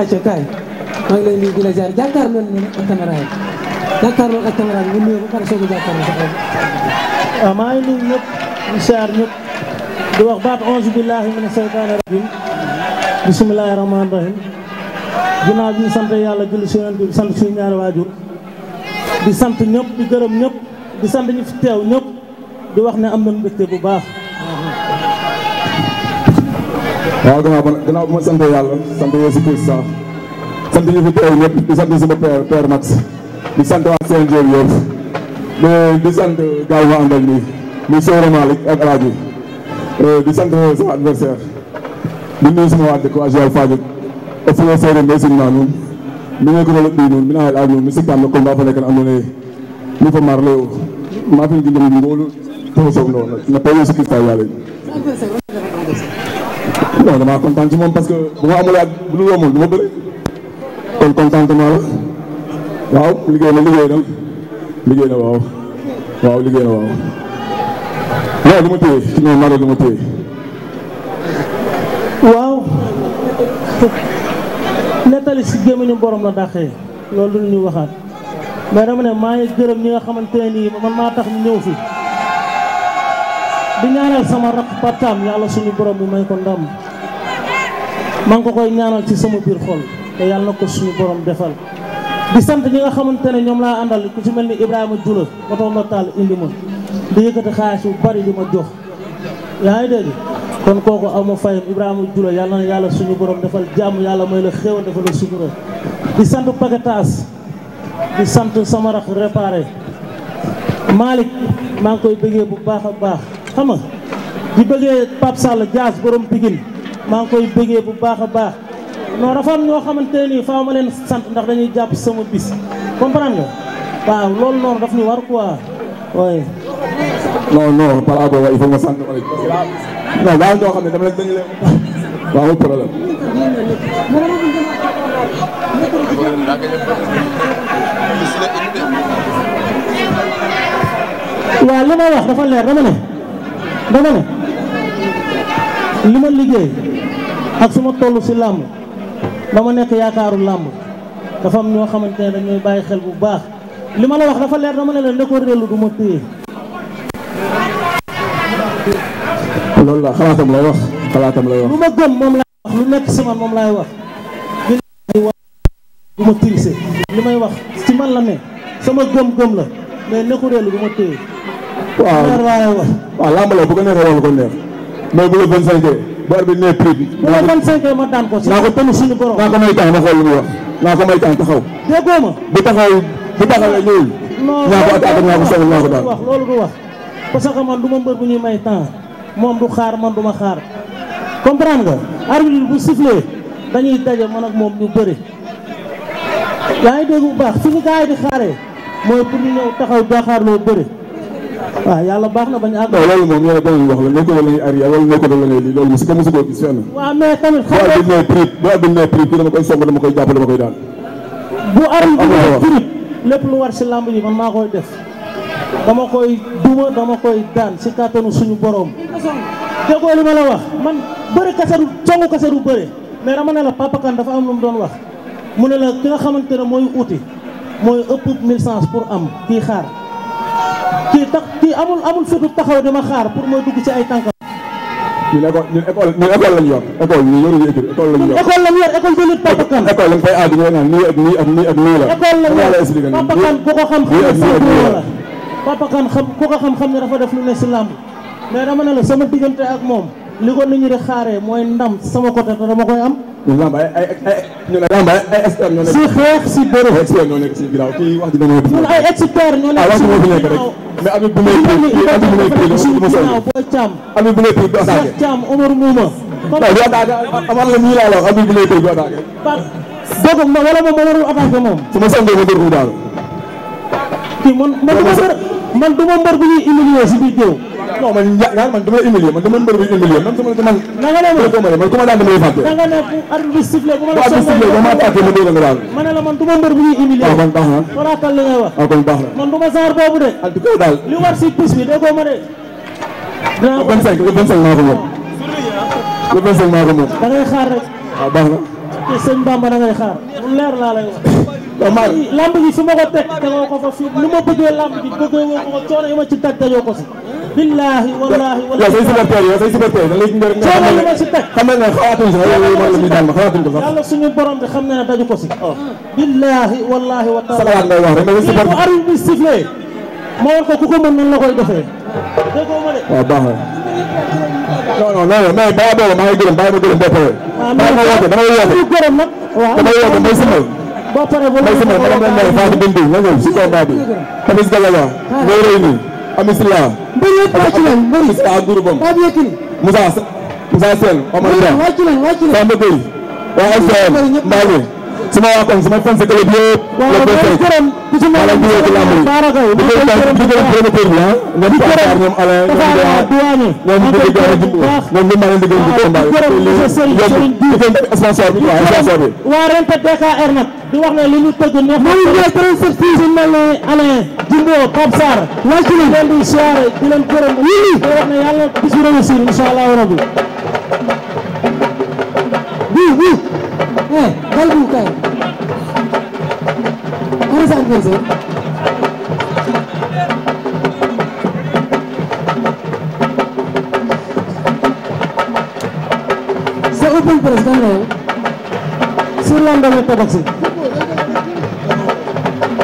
ayca kaay maa ngi lay nuyu di la ziar jàkkaarloo nañu ak caméra yi jàkkaarloo ak caméra yi nga nuyoo ba pare soog a jàkkaarloo sax waaw ah, maa ngi nuyu ñëpp di ziar ñëpp di wax baat onze billahi mina seytaani rajim bismillahi rahmaani rahim ginnaaw bi ñu sant yàlla julli si yonent bi sant suñu ñaari waajur di sant ñëpp di gërëm ñëpp di sant ñi fi teew ñëpp di wax ne am na mbégte bu baax waaw gannaaw ba gannaaw ma sant yàlla sant Yeesu Kirist sant ñu fi teew Max di sant waa CNG bi yëpp mais di sant gars ma àndal nii muy Sowra ak El eh, di sant sama adversaire di nuyu sama waa dëkk waa Joal Fadiouth e fulo seere mbe simna nuun mine ko rolo ɓiy nuun mina xel a nuun mi siktam no combat fa lekan andoona yee mi fo maar layo ma fi ngidim ngoolu to soog no na peyo sikista yaalen non damaa kontaan ci moom parce que bu ma amul ak bu lu yombul du ma bëri kon contentement la waaw liggéey na liggéey na waaw waaw liggéey na waaw. waaw lu ma téye ci noonu ma téye waaw nettali si gémmiñu borom la dàqee loolu lu ñu waxaat mais dama ne maa ngi gërëm ñi nga xamante ne nii man maa tax ñu ñëw fi di ñaanal sama rakk Bartam yàlla suñu borom bi may ko ndam maa ngi ko koy ñaanal ci sama biir xol te yàlla na ko suñu borom defal. di sant ñi nga xamante ne ñoom laa àndal ku ci mel ni Ibrahima Dioula oto ma indi ma di yëkkati xaalis bu di ma jox yaa kon kooku aw ma fayam Ibrahima yàlla yàlla suñu borom defal jàmm yàlla may la xéewal defal la sutura di sant Pagataas di sant sama rakk réparé Malick maa ngi koy bëggee bu baax a baax. xam nga di bëggee Pape Sall Dias borom Pikine maa ngi koy bëggee bu baax a baax non dafa am ñoo xamante nii faaw ma leen sant ndax dañuy jàpp sama bis comprendre nga waaw loolu noonu daf ñu war quoi oui. non non par rapport il faut ma sant ma non waaw ñoo xam wax dafa leer dama dama ne li ma liggéey ak suma ma toll si làmb dama nekk yaakaaru làmb dafa am ñoo xamante ne dañuy bàyyi xel bu baax li ma la wax dafa leer dama ne la ko réelu du ma téye. loolu wax xalaatam lay wax. lu moom laay wax lu nekk si moom laay wax. du ma tirise li may wax si man la ne sama gëm-gëm la mais nekkureelu du ma téye. waaw waaw lamb la bu ko neexee wala ko neex mais bu la vingt cinq bu arbitre nee prix bi. bu la vingt cinq ma daan ko. naa ko tamit suñu borom naa ko may temps ma xool lu muy naa ko may temps taxaw. déggoo ma bu taxaw bu taxawee ñëwul. ñaa ko attaqué ñaa ko soxla ñaa ko daal loolu du wax parce man du ma mbër bu ñuy may temps moom du xaar man du ma xaar comprendre nga. arbitre bu sifflé dañuy daje man ak moom ñu bëri yaa ngi dégg bu baax fi ñu gars yi di xaaree mooy pour ñu ñëw taxaw jaaxaarloo waaw yàlla baax na bañ àgg. waaw loolu moom yàlla danañ wax la nekkul da ngay lii loolu mosu ko mosu ko gis fenn. waaw mais tamit xam nga bu arbitre nee prix bu arbitre nee prix dama koy song dama koy koy daal. lépp lu war si làmb ji man maa koy def dama koy duma dama koy daan si kàttanu suñu borom. déggoo li ma la wax man bëri kase du songu kase du bëri mais dama ne la Papa Kane dafa am lu mu doon wax mu ne la ki nga xamante ne mooy uti mooy ëpp 1000 pour am kii xaar. kii tax kii amul amul fitu taxaw dama xaar pour mooy dugg ci ay tànkam. ñun école ñun école ñun école lañ yor école ñu yoru ñu école lañ de la école lañ yor Papa Kane ku ko xam xam ne la def lu ne si làmb mais dama ne la sama diggante ak moom li ko nit ñi di xaaree mooy ndam sama côté te dama koy am. lamb ñu ne lamb ay ay experts xeex si bëre. ay experts ñoo nekk si ginnaaw kii wax dina ñëw. ñun ay experts ñoo nekk si ah, bu nekk si ginnaaw booy Thiam. amit bu nekk du attaqué. la ñuy laa la wax amit bu nekk du attaqué. dëgg ma wala moom ma warul ma sànnee ma daal. kii man man du mbër bu ñuy humilier si biir géew. non man yaa man dama la humilier man dama mbër bi humilier man dama dama nga ne ma ko ma man ko ma daan dama lay fàtte nga ne bu arbitre bi sifflé bu ma la sifflé bu ma fàtte ma dóor nga daal ma ne la man duma mbër bu ñuy humilier waaw ah, kon baax na xoolaatal li ngay wax waaw ah, kon baax na man duma saar boobu de en tout cas daal li war si pis bi dee ko ma de le 25 le 25 maa ko moom le 25 maa ko moom da ngay xaar rek waaw ah, baax na te sëñ Bamba da ngay xaar mu leer laa lay wax waaw lamb ji su ma ko teg tegoo ko fa fi lu ma bëggee lamb ji bëggee woo ko fa coono yi ma ci daj dajoo ko si. billaahi wallaahi wallaahi say supporter yow say supporter da léegi mbir coono yi ma si teg xam nañ ne xawaatuñ si yow mooy la muy dal ma xawaatuñ ko sax yàlla suñu borom bi xam na ne daju ko si oh. billaahi wallaahi wa taala salawaat ngay wax rek mais supporter bu arbitre bi sifflé ma war ko ku ko mën nan la koy defee déggoo ma de waaw ah, baax na non non non mais bàyyi boobu maa ngi gërëm bàyyi ma gërëm boppam waaw ah, mais damay woote damay woote damay woote mbay si mbay boo paree boo paree boo paree boo paree nga ñëw si combat bi. Papis Galala. Boy Reyni. Amisila. mbër yëpp wàcc nañ mbër yi. Amisila groupam. Pape Yekini. Moussa Moussa Sène. sama waa koñ sama fan sa club yëpp. waaw loolu gërëm di ci mel ni gërëm ñoom Baara Gueye. di gërëm gërëm di gërëm promoteur bi ah. ñoom Fatou ñoom Alain ñoom Diagne ñoom Ndiaye ñoom ñu maa leen di gërëm di combat bi. di gërëm sponsor bi waaw sponsor bi. waa Rente DKR nag di wax ne li ñu tëgg neex na. ñu ngi très surpris di mel ne Alain Jumbo Pape Sarr. waa ci leen di siyaare di leen gërëm. wii di wax ne yàlla bisu réussir incha allah rabbi. eh bal bi kay kurisaan kurisaan sa open press kan nga yow sur lendemain tabax si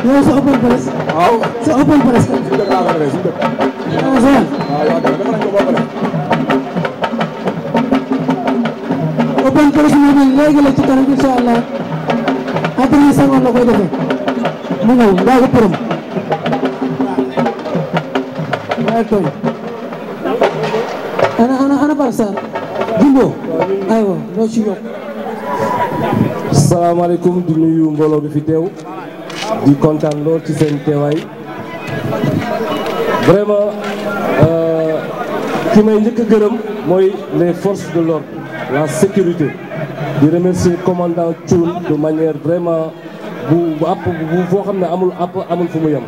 yow sa open press waaw sa open press yëgale ci kanam incha allah atelier sangoon la koy defee mu ñëw ndaa ko përëm waaye tooy ana ana ana Bara Sarr Jumbo aywa loo ci yokk salaamaaleykum di nuyu mbooloo bi fi teew di kontaan lool ci seen teewaay vraiment euh, ki may njëkk gërëm mooy les forces de l'ordre la sécurité di remercier commandant Thioune de manière vraiment bu bu àpp bu xam ne amul àpp amul fu mu yem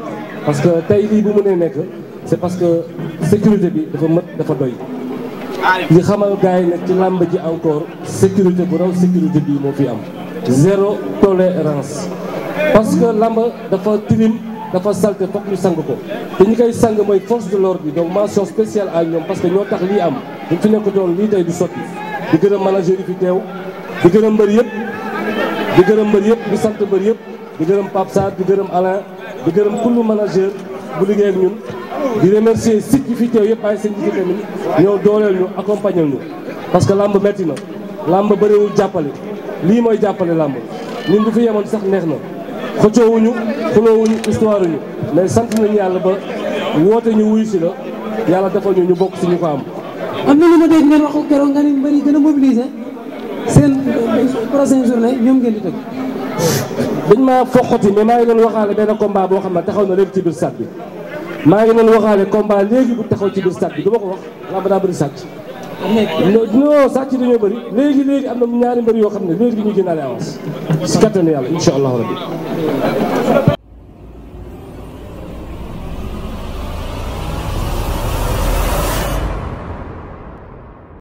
parce que tey lii bu nee nekk c'est parce que sécurité bi dafa mët dafa doy li xamal gars yi nag ci làmb ji encore sécurité bu raw sécurité bii moo fi am zéro tolérance parce que làmb dafa tilim dafa salte foog ñu sang ko te ñi koy sang mooy force de l'ordre bi donc mention spéciale à ñoom parce que ñoo tax lii am buñ fi nekk doon lii tey du sotti di gërëm manager yi fi teew di gërëm mbër yëpp di gërëm mbër yëpp di sant mbër yëpp di gërëm Pape Sarr di gërëm Alain di gërëm kullu manager bu liggéey ak ñun di remercier site fi teew yëpp ay seen jigéen tamit ñëw dooleel ñu accompagner ñu parce que làmb metti na làmb bëriwul jàppale lii mooy jàppale làmb ñun du fi yemoon sax neex na xëccoowuñu xuloowuñu histoire ñu mais sant nañu yàlla ba woote ñu wuyu si la yàlla defal ñu ñu bokk si ñu ko am. am na lu ma dégg ngeen wax seen prochaine journée ñoom ngeen di tëgg. dañ maa foqati mais maa ngi doon waxaale benn combat boo xam ne taxaw na léegi ci biir stade bi maa ngi doon waxaale combat léegi bu taxaw ci biir stade bi du ma ko wax làmb daa bëri sàcc. non sàcc dañoo bëri léegi léegi am na ñaari mbër yoo xam ne léegi ñu génnaale avance si kattanu yàlla incha allahu rabbi